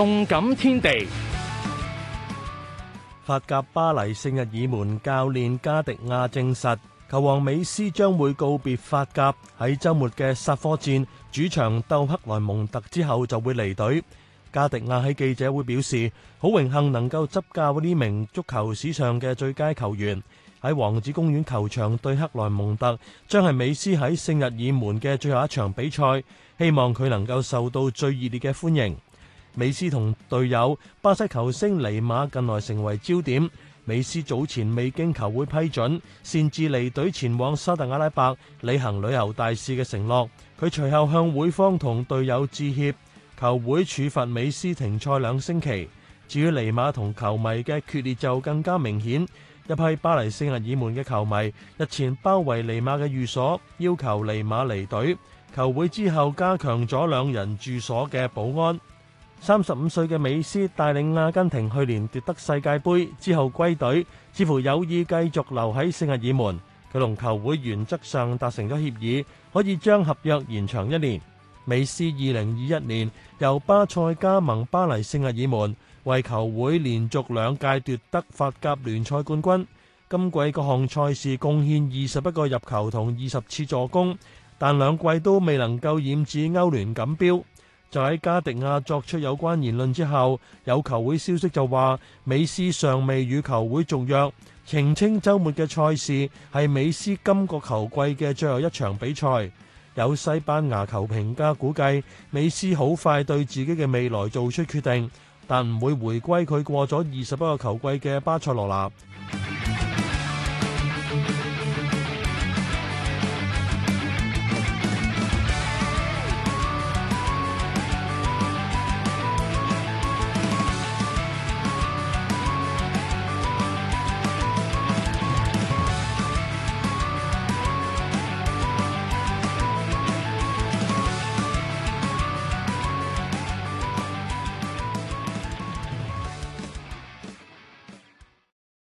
動感天地，法甲巴黎聖日耳門教練加迪亞證實，球王美斯將會告別法甲。喺周末嘅煞科戰主場鬥克萊蒙特之後，就會離隊。加迪亞喺記者會表示，好榮幸能夠執教呢名足球史上嘅最佳球員。喺王子公園球場對克萊蒙特，將係美斯喺聖日耳門嘅最後一場比賽。希望佢能夠受到最熱烈嘅歡迎。美斯同隊友巴西球星尼馬近來成為焦點。美斯早前未經球會批准，擅自離隊前往沙特阿拉伯，履行旅遊大使嘅承諾。佢隨後向會方同隊友致歉，球會處罰美斯停賽兩星期。至於尼馬同球迷嘅決裂就更加明顯。一批巴黎聖日耳門嘅球迷日前包圍尼馬嘅寓所，要求尼馬離隊。球會之後加強咗兩人住所嘅保安。三十五歲嘅美斯帶領阿根廷去年奪得世界盃之後歸隊，似乎有意繼續留喺聖日耳門。佢同球會原則上達成咗協議，可以將合約延長一年。美斯2021年由巴塞加盟巴黎聖日耳門為球會連續兩屆奪得法甲聯賽冠軍今季各項賽事貢獻21個入球同20次助攻但兩季都未能夠染指歐聯錦標就喺加迪亞作出有關言論之後，有球會消息就話，美斯尚未與球會續約，澄清週末嘅賽事係美斯今個球季嘅最後一場比賽。有西班牙球評家估計，美斯好快對自己嘅未來做出決定，但唔會回歸佢過咗二十一個球季嘅巴塞羅那。